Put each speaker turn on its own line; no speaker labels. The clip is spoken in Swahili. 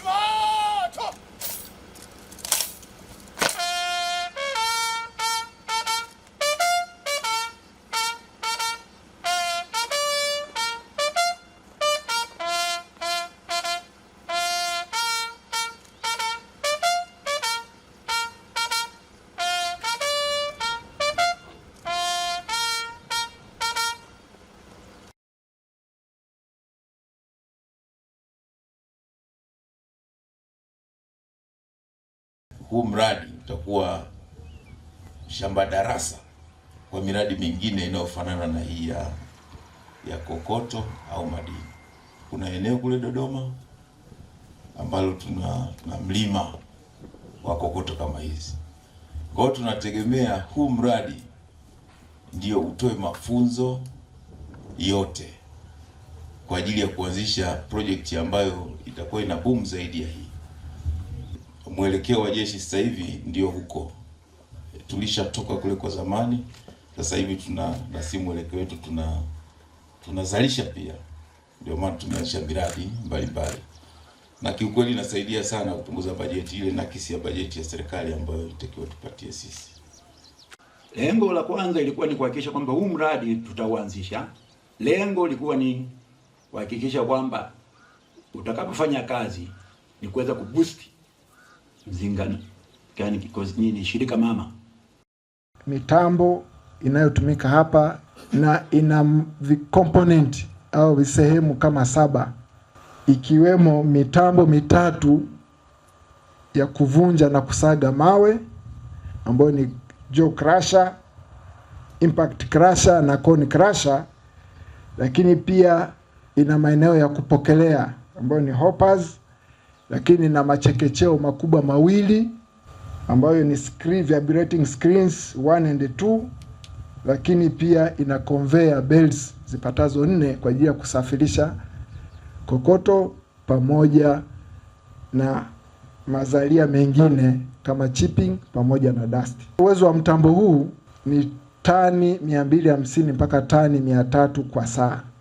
Flash Mob! huu mradi utakuwa shamba darasa kwa miradi mingine inayofanana na hii ya ya kokoto au madini. Kuna eneo kule Dodoma ambalo tuna, tuna mlima wa kokoto kama hizi. Kwa hiyo tunategemea huu mradi ndio utoe mafunzo yote kwa ajili ya kuanzisha projekti ambayo itakuwa ina boom zaidi ya hii mwelekeo wa jeshi sasa hivi ndio huko. Tulishatoka kule kwa zamani, sasa hivi tuna na si mwelekeo wetu, tuna tunazalisha pia, ndio maana tumeanzisha miradi mbalimbali na kiukweli inasaidia sana kupunguza bajeti ile nakisi ya bajeti ya serikali ambayo itakiwa tupatie sisi.
Lengo la kwanza ilikuwa ni kuhakikisha kwamba huu mradi tutauanzisha. Lengo lilikuwa ni kuhakikisha kwamba utakapofanya kazi ni kuweza kubusti zingana gani because nyinyi ni shirika mama.
Mitambo inayotumika hapa na ina component au visehemu kama saba ikiwemo mitambo mitatu ya kuvunja na kusaga mawe ambayo ni jaw crusher, impact crusher na cone crusher, lakini pia ina maeneo ya kupokelea ambayo ni hoppers lakini na machekecheo makubwa mawili ambayo ni screen, vibrating screens 1 and 2, lakini pia ina conveyor belts zipatazo nne kwa ajili ya kusafirisha kokoto pamoja na mazalia mengine kama chipping pamoja na dust. Uwezo wa mtambo huu ni tani 250 mpaka tani 300 kwa saa.